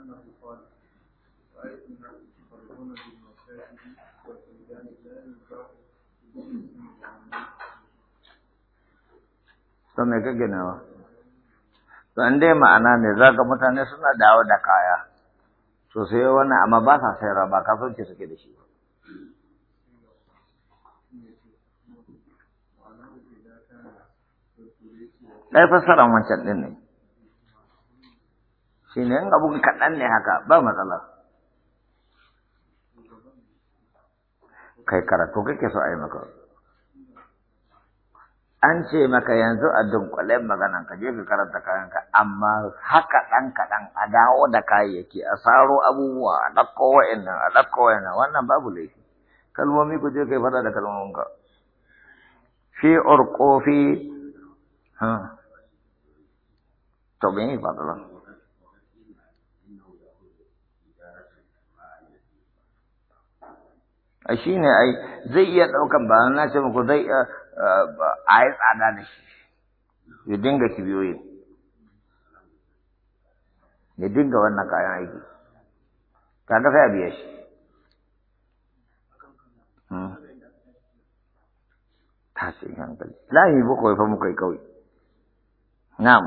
أنه me kake nawa? to an dai ma'ana ne za ka mutane suna dawo da kaya to sai wani amma ba sa sayarwa ba kasuwanci suke da shi ba ɗaya fassara wancan ɗin ne shi ne abu kaɗan ne haka ba matsala kai karatu kake so a yi maka an ce maka yanzu a dunkulen maganan ka je ka karanta kayanka amma haka ɗan kaɗan a dawo da kayayyaki a saro abubuwa a ɗauko wa'annan a ɗauko wa'annan wannan babu laifi kalmomi ku je kai fada da kalmominka fi orko fi to me yi fadala shi ne ai zai iya ɗaukan ba na ce muku zai iya eh, eh, a yi tsada da shi ya dinga kibiyoyin ya dinga wannan kayan aiki kaga sai a biya shi hmm. tashin hankali lahi ba kawai fa muka yi kawai na'am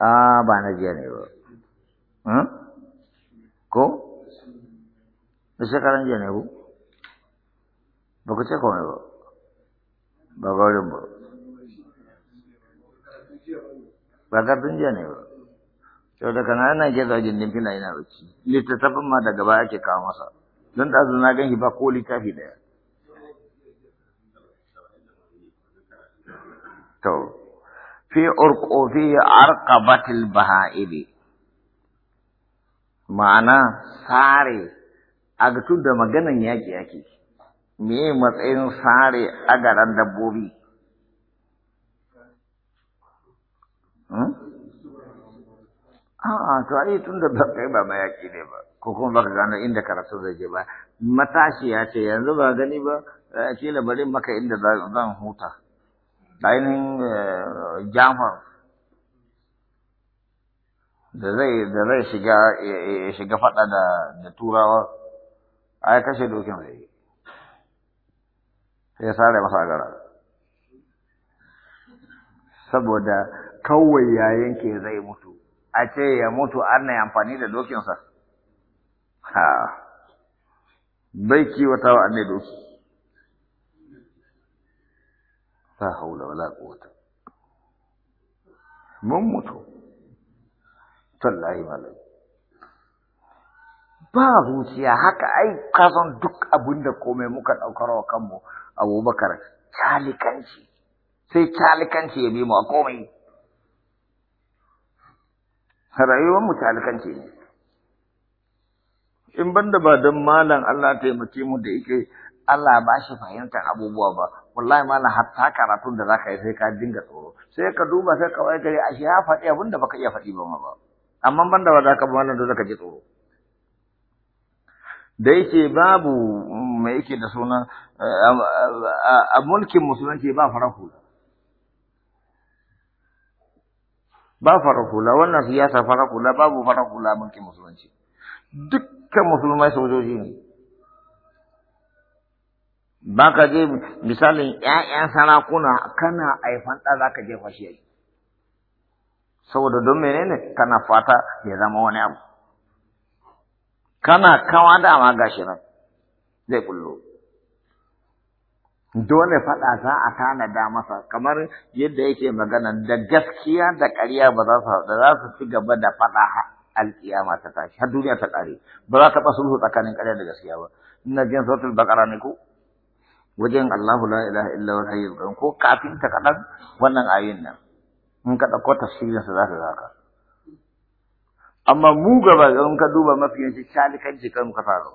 a ah, ba na jiya ne ba hmm? ko da shekaran jiya ne ku ba ku ce komai ba ba gaurin ba ba tun jiya ne ba sau da kana yana ke din dimfina yana bacci littattafin ma daga gaba ake kawo masa don ta zuna gan shi ba ko littafi daya. to fi urqu fi arqabatil baha'ibi ma'ana sare a tun da maganan yaƙi yake me matsayin sare garan dabbobi hmm? a to ai tun da ba kai ba ma mayaƙi ne ba ko kuma baka gano inda karatu zai je ba matashi ya ce yanzu ba gani ba ce eh, bari maka inda zan huta ainihin eh, jamar da zai da zai shiga ya shiga faɗa da da turawa ai kashe dokin rai. sai ya sare masa gara saboda kawai ya yanke zai mutu a ce ya mutu an na amfani da dokinsa ha bai kiwata wa annai doki ta haula wala quwwata mun mutu tallahi malai ba zuciya haka ai kasan duk abin da komai muka ɗaukar wa kanmu abubakar calikanci sai calikanci ya bi mu a komai rayuwar mu calikanci ne in banda ba don malam Allah taimake mu da yake Allah ba shi fahimtar abubuwa ba wallahi malam hatta karatun da zaka yi sai ka dinga tsoro sai ka duba sai ka wai gari ashe ya faɗi abin da baka iya faɗi ba ma ba amma ban da wadaka ba wannan dole ka ji tsoro da yake babu mai yake da suna a mulkin musulunci ba farar hula ba farar hula wannan siyasa farar hula babu farar hula mulkin musulunci dukkan musulmai sojoji ne ba ka je misalin 'ya'yan sarakuna kana aifan ɗa za ka je fashe saboda don menene kana fata ya zama wani abu kana kawa dama gashi nan zai kullo dole faɗa za a tanada masa kamar yadda yake magana da gaskiya da ƙarya ba za su da za su ci gaba da faɗa alƙiyama ta tashi har duniya ta ƙare ba za ta basu tsakanin ƙarya da gaskiya ba ina jin sautin bakara ne ko wajen Allahu la ilaha illa huwa hayyul ko kafin ta kaɗan wannan ayin nan in ka ɗauko tafsirinsa za ka ga haka amma mu gaba in ka duba mafi yanci shalikanci kan ka fara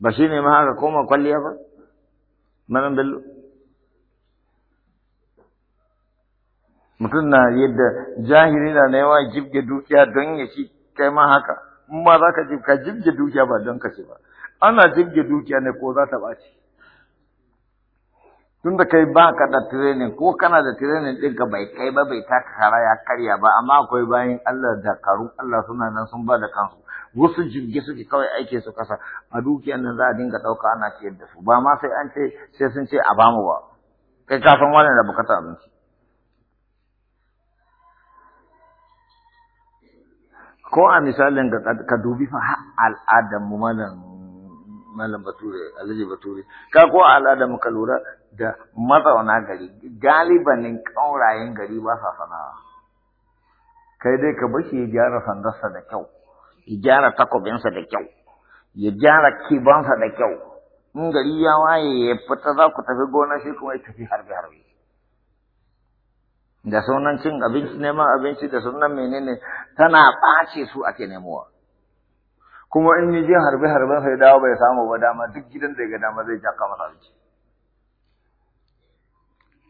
ba shi ne ma haka koma kwalliya ba manan bello mutum na yadda jahiri na na yawa jibge dukiya don ya ci kai ma haka in ma za ka jibge dukiya ba don ka ci ba ana jibge dukiya ne ko za ta ɓaci tun kai ba ka da training ko kana da training ka bai kai ba bai taka kara ya karya ba amma akwai bayan Allah da karun Allah suna nan sun ba da kansu wasu jirgi suke kawai aike su kasa a dukiyar nan za a dinga ɗauka ana ciyar da su ba ma sai an ce sai sun ce a bamu ba kai ka san wannan da bukatar abinci ko a misalin ka dubi fa al'adar mu malam malam bature alhaji bature ka ko al'ada muka lura da mazauna gari galibanin ƙaurayen gari ba sa sana'a kai dai ka bashi ya gyara sandarsa da kyau ya gyara takobinsa da kyau ya gyara kibansa da kyau in gari ya waye ya fita za ku tafi gona shi kuma ya tafi harbe harbe da sunan cin abinci neman abinci da sunan menene tana ɓace su ake nemowa kuma in yi je harbe harben sai dawo bai samu ba dama duk gidan da ga dama zai jaka masa ji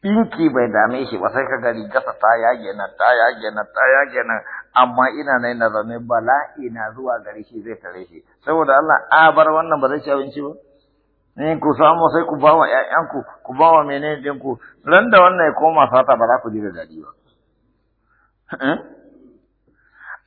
dinki bai dame shi ba sai ka gari gasa ta yage na ta yage na ta yage na amma ina nan na zaune bala'i na zuwa gari shi zai tare shi saboda Allah a bar wannan ba zai ci abinci ba ne ku samu sai ku bawa ƴaƴanku ku bawa menene ku, ran da wannan ya koma sata ba za ku ji da dadi ba eh?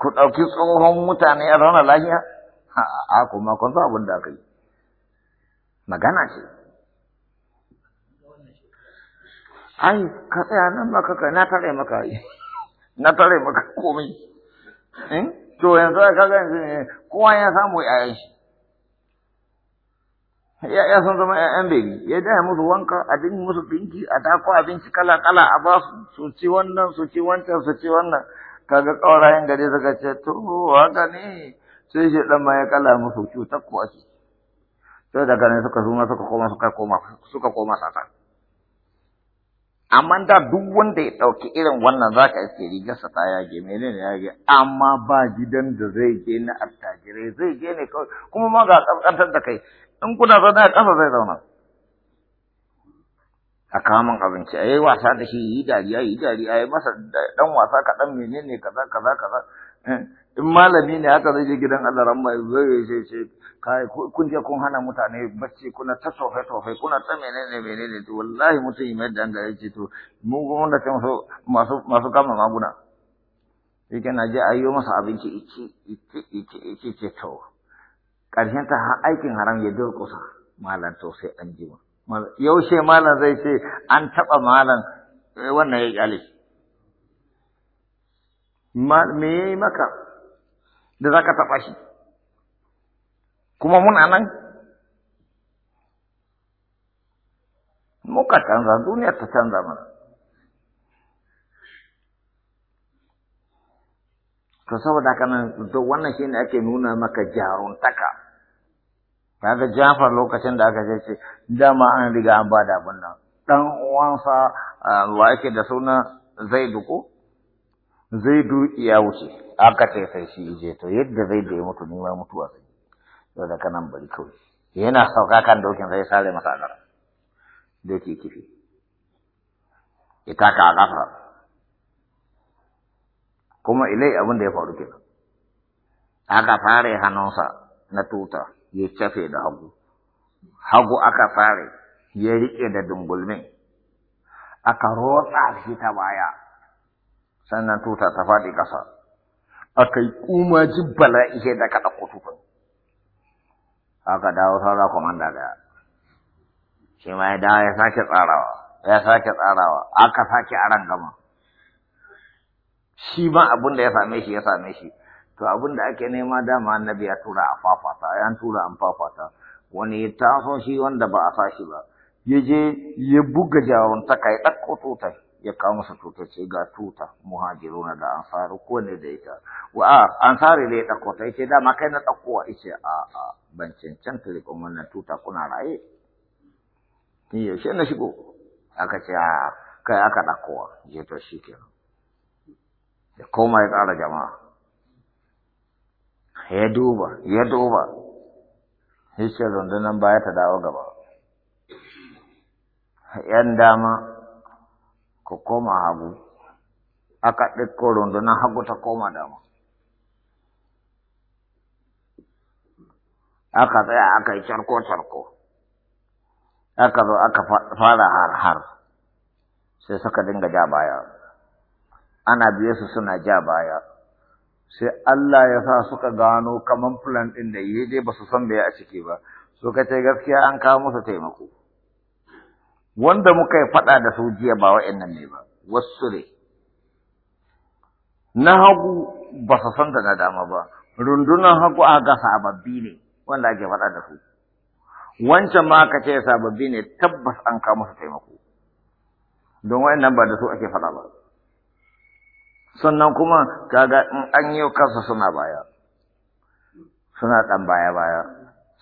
ku ɗauki tsohon mutane a zauna lahiya? a kuma kun san abin da aka yi magana ce ai ka tsaya nan maka kai na tare maka yi na tare maka komai eh? to yanzu ka ga yanzu kowa ya samu yayan shi ya sun zama ‘ya'yan bebi, ya daya musu wanka, a dinga musu dinki, a dako abinci kala-kala a ba su, su ci wannan, su ci wancan, su ci wannan, kaga ƙaurayen gari suka ce to haka ne sai shi dan ma ya kala musu cutar ko ake sai daga nan suka zuma suka koma suka koma suka koma sata amma da duk wanda ya ɗauki irin wannan zaka iske sa ta yage menene yage amma ba gidan da zai je na attajire zai je ne kuma ma ga kafkantar da kai in kuna zauna a ƙasa zai zauna a kamun abinci a yi wasa da shi yi dariya yi dariya ya masa dan wasa ka dan menene kaza kaza kaza eh, in malami ne haka zai je gidan Allah ramma zai ce ce kai kun je kun hana mutane bacci kuna ta sofe sofe kuna ta menene menene to wallahi mutum mai dan da yake to mu kuma da kan so masu masu kama maguna sai kana je ayyo masa abinci iki iki iki iki ce to karshen ta aikin haram ya durƙusa malan to sai an ji mu yaushe malam zai ce an taɓa malam eh, wannan ya ƙyale me ya yi maka da za ka taɓa shi kuma muna nan muka canza duniya ta canza mana to saboda haka nan wannan shine ake nuna maka taka. kaga Jafar lokacin da aka ce dama an riga an bada abin nan dan uwansa wa yake da suna Zaidu ko Zaidu ya wuce aka ce sai shi je to yadda zai ya mutu ni ma mutuwa sai to da kanan bari kawai yana sauka kan dokin sai sare masa da doki kifi ita ka gafa kuma ilai abin da ya faru kenan aka fare hannunsa na tuta ya cafe da hagu hagu aka fare ya riƙe da dungulmin aka rotsa shi ta baya sannan tuta ta faɗi ƙasa aka yi kuma jibbala ihe da ka ɗauko aka dawo saura komanda da shi ma ya dawo ya sake tsarawa ya sake tsarawa aka sake a gama shi ma abin da ya same shi ya same shi to abin da ake nema dama annabi ya tura a fafata ya tura an fafata wani ya taso shi wanda ba a sa shi ba ya je ya buga jawon ta kai ɗakko tutar ya kawo masa tutar ce ga tuta muhajiruna da ansari ko ne da ita wa a ansari ne ɗakko ta ce dama kai na ɗakko wa? ice a a ban cancanta da wannan tuta kuna raye ni yaushe na shigo aka ce a kai aka ɗakko je to shi kenan ya koma ya tsara jama'a ya duba ya duba yace rundunar baya ta dawo gaba yan dama ku koma hagu aka ɗauko rundunar hagu ta koma dama aka tsaya aka yi carko-carko aka zo aka fara har-har sai suka dinga ja baya ana biye su suna ja baya sai Allah ya sa suka gano kaman plan ɗin da yi dai ba su san da ya a ciki ba So ka ce gaskiya an kawo musu taimako wanda muka yi faɗa da su jiya ba nan ne ba wasu ne na hagu ba su san da na dama ba rundunar hagu a ga sababbi ne wanda ake faɗa da su wancan ma aka ce sababbi ne tabbas an kawo musu taimako don wa'annan ba da su ake faɗa ba sannan kuma kaga in an yi kansa suna baya suna ɗan baya-baya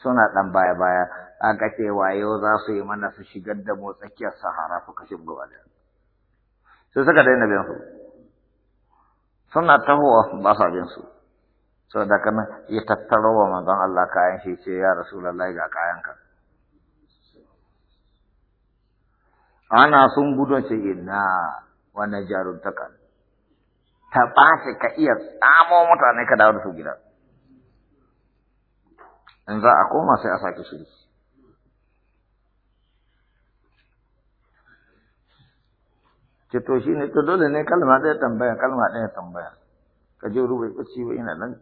suna ɗan baya-baya an kace wayo za su yi mana su shigar da mu tsakiyar sahara su kashe mu gaba sai suka daina bin su suna tahowa ba sa bin su saboda kana ya tattaro wa manzon Allah kayan shi ce ya rasulullahi ga kayan ka ana sun gudun shi inna wannan jarumtakan ta ɓace ka iya tsamo mutane ka dawo da su gida in za a koma sai a sake shiri ce to shi ne to dole ne kalma ɗaya tambaya kalma ɗaya tambaya ka je rubai kuci ba ina nan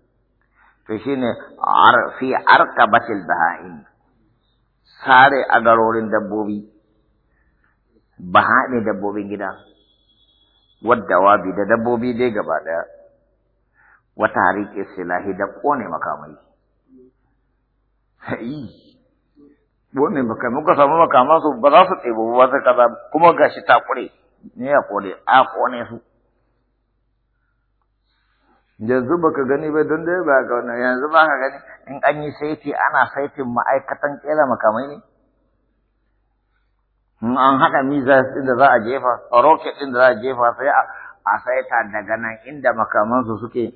to shi ne fi arka batil baha'in sare garorin dabbobi baha'in dabbobin gida waddawabi da dabbobi dai gaba ɗaya wata harike silahi da ƙone makamai sai ƙone makamai muka samu makama su ba za su tsebo ba sai kaza kuma gashi ta kure. ne ya ƙone a kone su yanzu baka gani bai don dai ba ka wani yanzu ba ka gani in an yi saiti ana saitin ma'aikatan kela makamai ne in an haɗa miza da za a jefa rocket ɗin da za a jefa sai a saita daga nan inda makamansu suke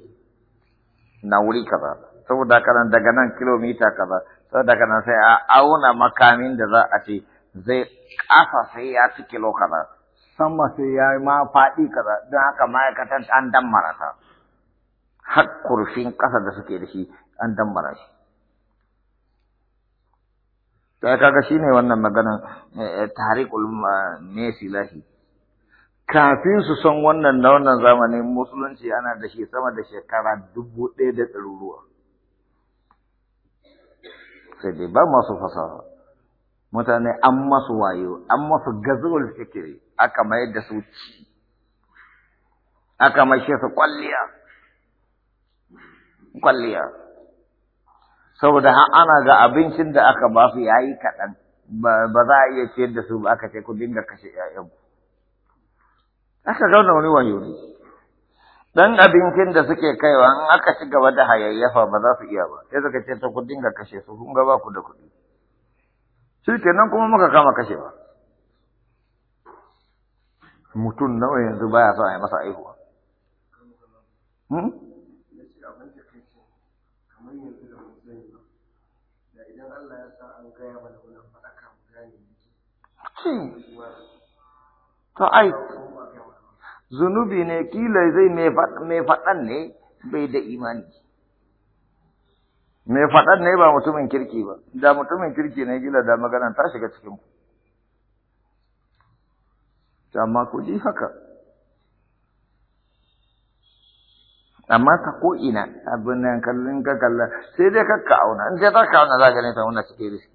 na wuri kaza saboda kana daga nan kilomita kaza saboda kana sai a auna makamin da za a ce zai kafa sai ya ci kilo kaza sama sai ya ma faɗi kaza don haka ma'aikatan an dammara ta har kurfin ƙasa da suke da shi an dammara shi sai kaga ne wannan magana eh, tariqul mesilahi kafin su san wannan na wannan zamani musulunci ana da shi sama da shekara dubu ɗaya da ɗaruruwa sai dai ba masu fasaha mutane an masu wayo an masu gazuwar fikiri aka mayar da su ci aka maishe su kwalliya kwalliya saboda har ana ga abincin da aka ba su yayi kaɗan ba za a iya ciyar da su ba aka ce ku dinga kashe ƴaƴan aka zauna wani wayo ne dan abincin da suke kaiwa in aka ci gaba da hayayyafa ba za su iya ba sai suka ce ta ku dinga kashe su kun ga ba ku da kuɗi shi kenan kuma muka kama kashewa mutum nawa yanzu baya son a yi masa aihuwa hmm? Hmm. to ai zunubi ne kila zai mai faɗan ne bai da imani mai faɗan ne ba mutumin kirki ba da mutumin kirki ne kila da magana ta shiga cikin ku amma ku ji haka amma ta ko ina abin nan kallon ka kalla sai dai kakka auna in sai ta kawo na za ta wannan cikin riski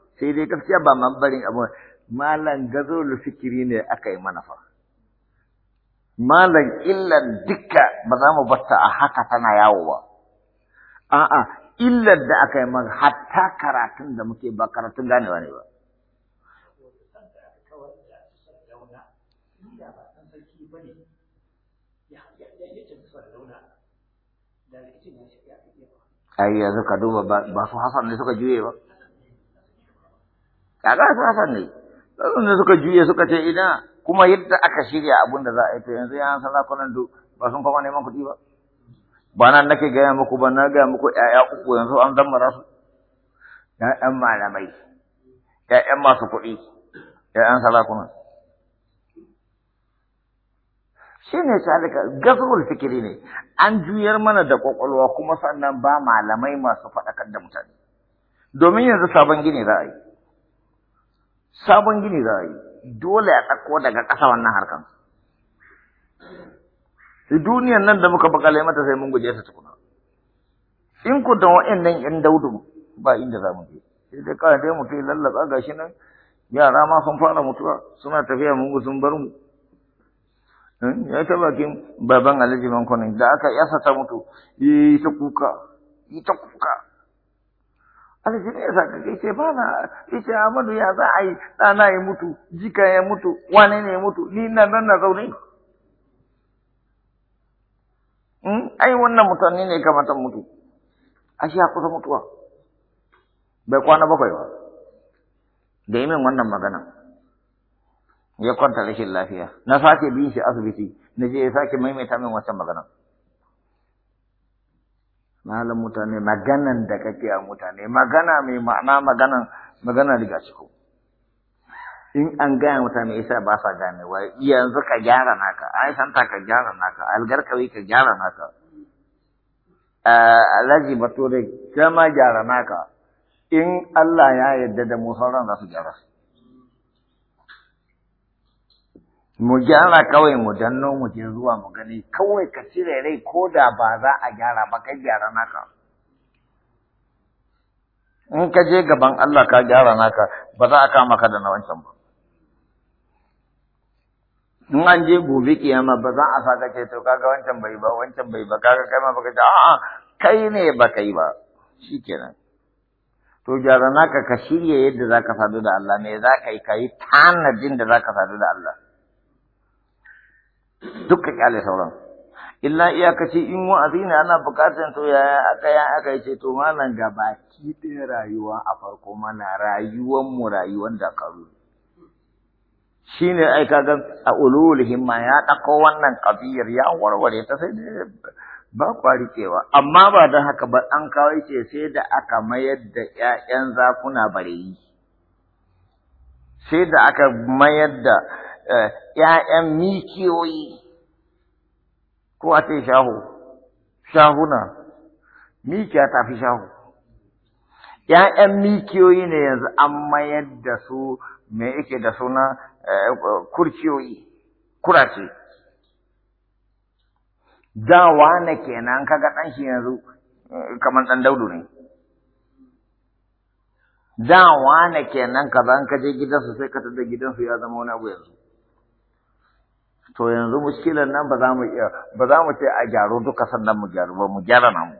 sai dai gaskiya ba barin abu malan gazo fikiri ne aka yi manafa malan illan dukka ba za mu batta a haka tana yawo ba a'a illar da aka yi mana hatta karatun da muke ba karatun ganewa ne ba ai yanzu ka duba ba su hasan ne suka juye ba kaga safan ne sannan suka juye suka ce ina kuma yadda aka shirya abin da za a yi to yanzu yan sarakunan duk ba sun kama neman kuɗi ba ba nan nake gaya muku ba na gaya muku ƴaƴa uku yanzu an zammara su ƴaƴan malamai ƴaƴan masu kuɗi ƴaƴan sarakunan shi ne salika gazawar fikiri ne an juyar mana da kwakwalwa kuma sannan ba malamai masu faɗakar da mutane domin yanzu sabon gini za a yi sabon gini za a yi dole a ɗauko daga ƙasa wannan harkan duniyan nan da muka bakale mata sai mun guje ta tukuna in ku da wa'annan yan daudu ba inda za mu je sai dai kawai dai mutum ga shi nan yara ma sun fara mutuwa suna tafiya mun sun bar mu hmm, ya ta bakin baban alhaji kwanin da aka yasa ta mutu yi ta kuka yi ta kuka alhaji ne sa kake ce ba na ce Amadu ya za a yi ɗana ya mutu jika ya mutu wane ne ya mutu ni na nan na zaune hmm? ai wannan mutane ne kamata mutu a shi kusa mutuwa bai kwana bakwai ba da yi min wannan magana ya kwanta rashin lafiya na sake bin shi asibiti na je ya sake maimaita min wancan magana malam mutane maganan da kake a mutane magana mai ma'ana magana magana daga cikin in an gaya mutane isa ba sa gane wa yanzu ka gyara naka ai santa ka gyara naka algarkawi ka gyara naka alaji bature kama gyara naka in Allah ya yarda da mu sauran za gyara su mu gyara kawai mu danno mu je zuwa mu gani kawai ka cire rai ko da ba za a gyara ba kai gyara naka in ka je gaban Allah ka gyara naka ba za a kama ka da na wancan ba in an je gobe kiyama ba za a saka ce to kaga wancan bai ba wancan bai ba kaga kai ma baka ce a'a kai ne ba kai ba shikenan to gyara naka ka shirya yadda zaka sadu da Allah me za ka yi ka yi tanadin da zaka sadu da Allah dukkan kyale sauran illa kace, in wa'azi ne ana bukatar to ya aka ya aka yace to malam ga baki ɗin rayuwa a farko mana rayuwar mu rayuwar da karu shine ai kaga a ulul himma ya dako wannan kabir ya warware ta sai ba kwari rikewa amma ba dan haka ba an kawai ce sai da aka mayar da ƴaƴan zakuna bareyi sai da aka mayar da ‘ya'yan mikiyoyi, ko a ce shahu, shahuna, mikiya ta fi shahu. ‘Ya'yan mikiyoyi ne yanzu an mayar da su me yake da suna eh, kurciyoyi, kurace. Dawa na kenan kaga ɗan shi yanzu eh, kamar ɗan daudu ne. da ne kenan ka ban ka je gidansu sai ka tada gidansu ya zama wani abu yanzu to yanzu muskilan nan ba za mu iya ba za mu ce a gyaro duka sannan mu gyaru ba mu gyara namu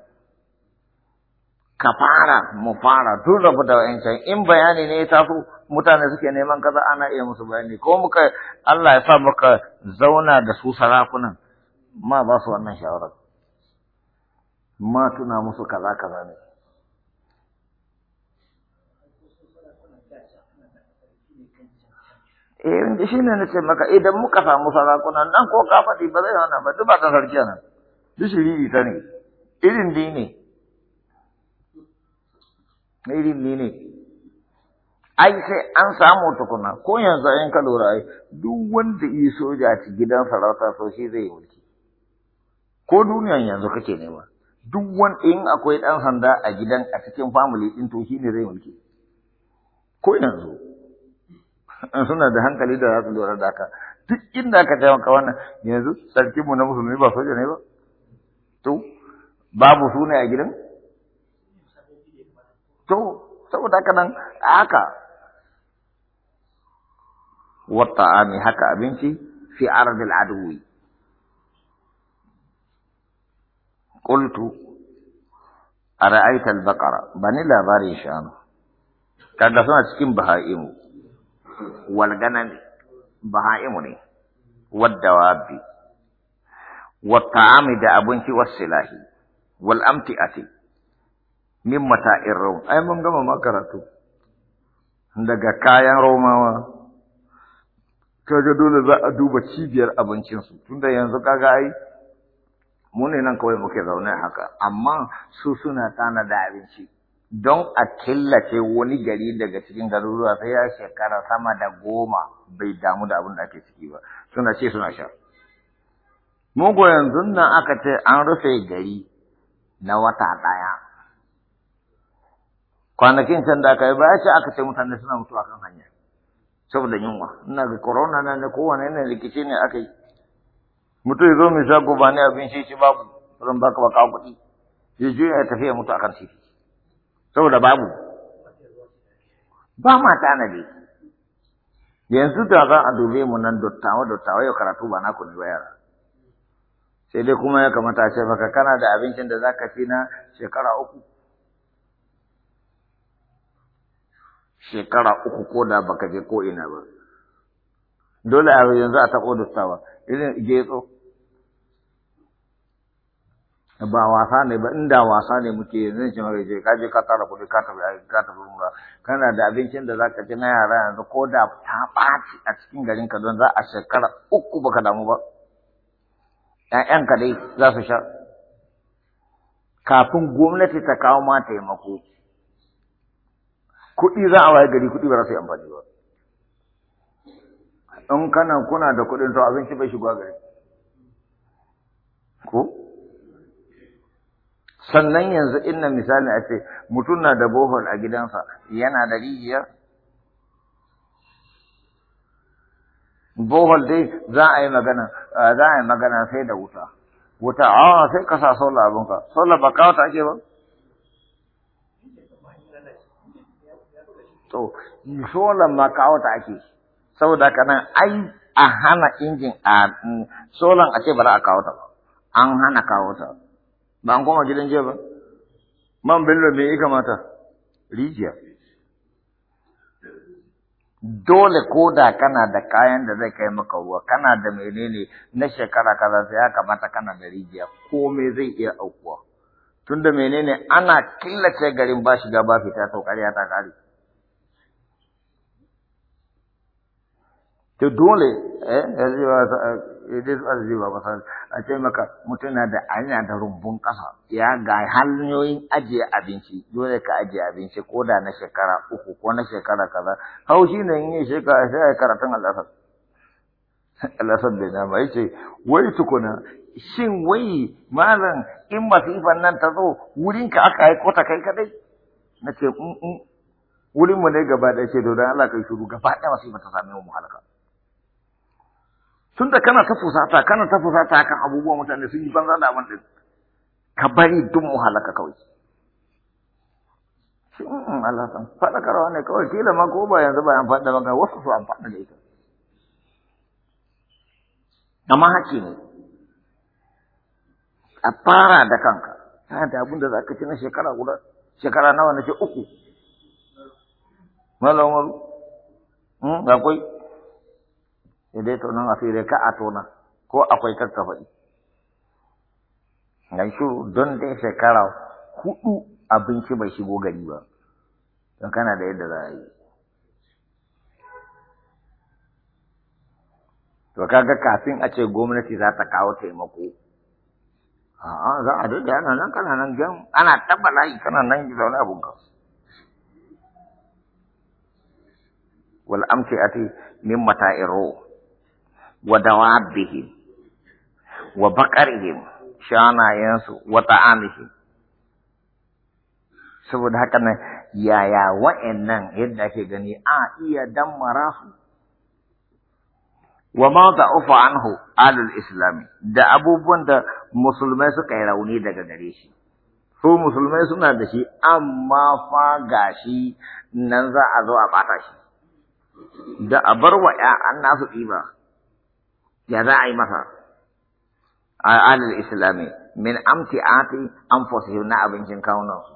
ka fara mu fara tun rabu da wa'ancan in bayani ne ya taso mutane suke neman kaza ana iya musu bayani ko muka Allah ya sa muka zauna da su sarakunan ma ba su wannan shawarar ma tuna musu kaza kaza ne eh shi ne na ce maka idan muka samu sarakunan nan ko ka faɗi ba zai hana ba duba ba ta sarki nan duk shiriri ta ne irin ne ne irin ni ne ai sai an samu tukuna ko yanzu an ka lura ai duk wanda yi soja a gidan sarauta so shi zai mulki ko duniyan yanzu kake nema duk wani in akwai ɗan sanda a gidan a cikin family ɗin to shi ne zai mulki ko yanzu suna da hankali da za su lura da haka duk inda aka taimaka wannan yanzu sarki mu na musulmi ba soja ne ba to babu suna a gidan to saboda haka nan haka wata ami haka abinci fi ardil adwi qultu ara'aita al-baqara bani labarin shanu kaga suna cikin baha'imu والغنم بهائم والدواب والطعام دا أبنك والسلاح والأمتئة من متاع الروم أي من قام ما كرتو daga kayan romawa kaga dole za a duba cibiyar abincinsu tunda yanzu kaga ai Mun ne nan kawai muke zaune haka amma su suna tana da abinci don a killace wani gari daga cikin garuruwa sai ya shekara sama da goma bai damu da abin da ake ciki ba suna ce suna sha mugu yanzu nan aka ce an rufe gari na wata ɗaya kwanakin can da aka yi ya ce aka ce mutane suna mutuwa kan hanya saboda yunwa ina ga corona na ne kowane ne rikici ne aka yi mutum ya zo mai shago ba ne abin shi shi babu zan baka baka kuɗi ya juya ya tafi ya mutu akan titi saboda babu ba ma tanadi yanzu da za a dube mu nan dottawa dottawa yau karatu ba naku ne ba yara sai dai kuma ya kamata a ce maka kana da abincin da zaka ci na shekara uku shekara uku ko da baka je ko ina ba dole a yanzu a taɓo dottawa irin getso ba wasa ne ba inda wasa ne muke yanzu ce maka je kaje ka tara kuɗi ka tafi ka tafi mura kana da abincin da zaka ci na yara yanzu ko da ta ɓaci a cikin garin ka don za a shekara uku baka damu ba ka dai za su sha kafin gwamnati ta kawo ma taimako kuɗi za a waye gari kuɗi ba za su yi amfani ba in kana kuna da kuɗin to abinci bai shigo gari ko sannan yanzu inna misali a ce mutum na da bohol a gidansa yana da rijiya bohol dai za a yi magana za a yi magana sai da wuta wuta a sai ka sa sola abinka sola ba kawo ta ake ba to sola ma kawo ta ake saboda ka nan ai a hana injin a solan a ce ba za a kawo ta ba an hana kawo ta ba an koma gidan jiya ba man bello me ya kamata rijiya dole ko da kana da kayan da zai kai maka ruwa kana da menene na shekara kaza sai ya kamata kana da rijiya me zai iya aukuwa tunda menene ana killace garin ba shiga ba fita to kariya ta kari to dole eh, eh idris arziki ba a ce maka mutum na da anya da rumbun ƙasa ya ga hanyoyin ajiye abinci dole ka ajiye abinci ko da na shekara uku ko na shekara kaza haushi ne in yi shekara sai karatun al'asar al'asar da na ya ce wai tukuna shin wai malam in masifan nan ta zo wurinka aka haiko ta kai kadai na ce mm, mm. wurinmu ne gaba ɗaya ce don Allah kai shiru gaba ɗaya masifan ta same mu halaka tun da kana ta fusata kana ta fusata akan abubuwa mutane sun yi banza da abin din ka bari duk mu halaka kawai in hmm, Allah san karawa ne kawai kila ma ko ba yanzu ba an fada maka wasu su amfani da ita amma haƙƙi ne a fara da kanka kana da abin da za ka ci na shekara guda shekara nawa na ce uku malamar hmm, koi. idai dai tonon asiri ka a tona ko akwai karka faɗi dan shi don dai shekara hudu abinci bai shigo gari ba don kana da yadda za a yi to kaga kafin a ce gwamnati za ta kawo taimako a'a za a daɗe ana nan kana nan gan ana taɓa layi kana nan zaune abun ka wal amsi ati min mata'iru ودوابهم وبقرهم شانا ينسو وطعامهم saboda haka nan yaya wa'annan yadda ake gani a iya dammara su wa ma da'ufa anhu alul islami da abubuwan da musulmai suka yi rauni daga gare shi su musulmai suna da shi amma fa gashi nan za a zo a bata shi da a bar wa an nasu ɗiba ya za a yi masa a alal islami min amti'ati anfusihim na abincin kawunansu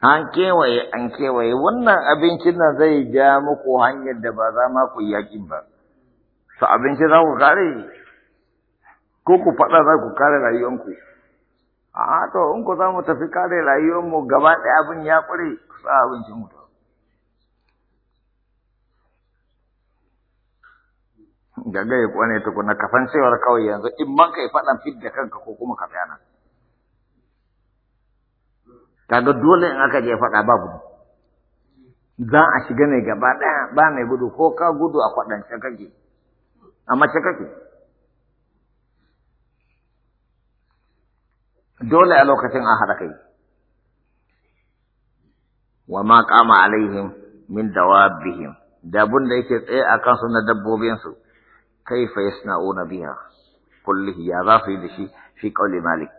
an kewaye an kewaye wannan abincin nan zai ja muku hanyar da ba za ma ku yakin ba to abinci za ku kare ko ku faɗa za ku kare rayuwanku a to in ku za mu tafi kare rayuwanmu gaba ɗaya abin ya ƙure sa abincin mutu gaga ya kone na kafan cewar kawai yanzu in man ka yi faɗan fit da kanka ko kuma ka fiyana kaga dole in aka je faɗa ba gudu za a shiga ne gaba ɗaya ba mai gudu ko ka gudu a kwaɗance kake a mace kake dole a lokacin a haɗa kai wa ma kama alaihim min dawabbihim da abun da yake tsaye a kansu na dabbobinsu كيف يصنعون بها كله يا ضافي دشي في قول مالك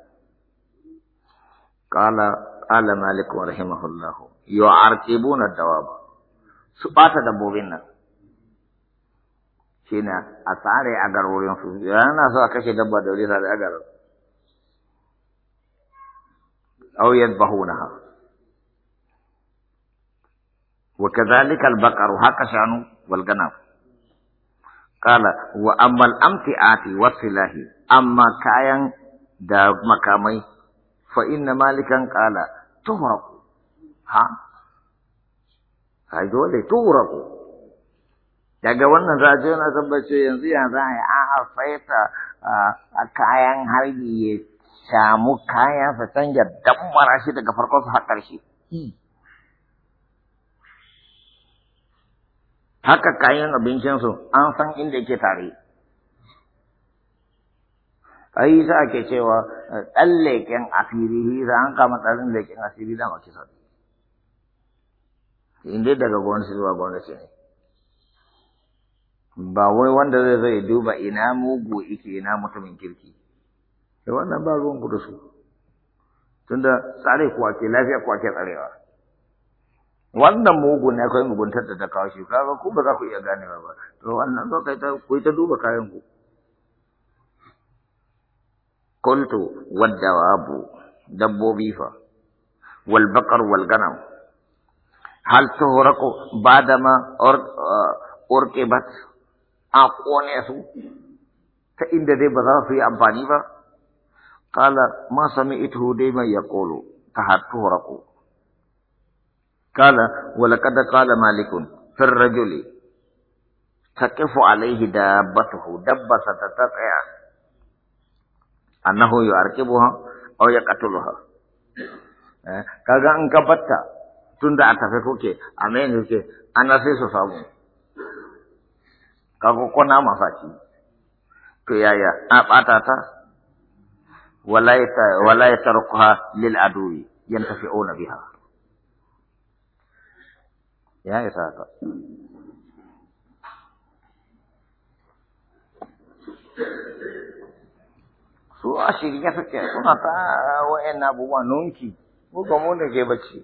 قال قال مالك رحمه الله يعرقبون الدواب سبات دبوبين شينا أتاري أجر ورين في أنا سو أكشي دبوا دولي هذا أجر أو يذبحونها وكذلك البقر هكذا شانو والغنم Kala wa amal ammal amti'ati wasilahi amma kayan da makamai fa inna malikan kala tuhraku ha ai dole tuhraku daga wannan za a je na tabbace yanzu ya za a yi an a kayan harbi ya samu kayan sa canja damara shi daga farkon su har ƙarshe. Hmm. haka kayan abincinsu an san inda yake tare ai sa ake cewa eh, ɗan leƙen asiri za an kama tsarin leƙen asiri da mace sa Inde daga gwamnati zuwa gwamnati ne ba wai wanda zai zai duba ina mugu ike ina mutumin kirki da eh, wannan ba ruwan gudu su tunda tsare kuwa ke lafiya kuwa ke tsarewa wannan mugun ne kai muguntar da ta kawo shi kaga ku ba za ku iya ganewa ba to wannan zo kai ta ku ta duba kayan ku kuntu wadawabu dabbobi fa wal baqar wal ganam hal tuhraqu badama or urqibat a kone su ta inda dai ba za su yi amfani ba qala ma sami'tu dai mai yaqulu ta hatu قال ولقد قال مالك في الرجل تقف عليه دابته ستتقع أنه يركبها أو يقتلها kaga in ka batta tun da a tafi kuke a mai kuke ana sai su samu kaga to yaya a ta wala ya tarkuha lil tafi ya isa ka su a shirya suke suna ta wa'yan abubuwa nunki ko ga ne ke bacci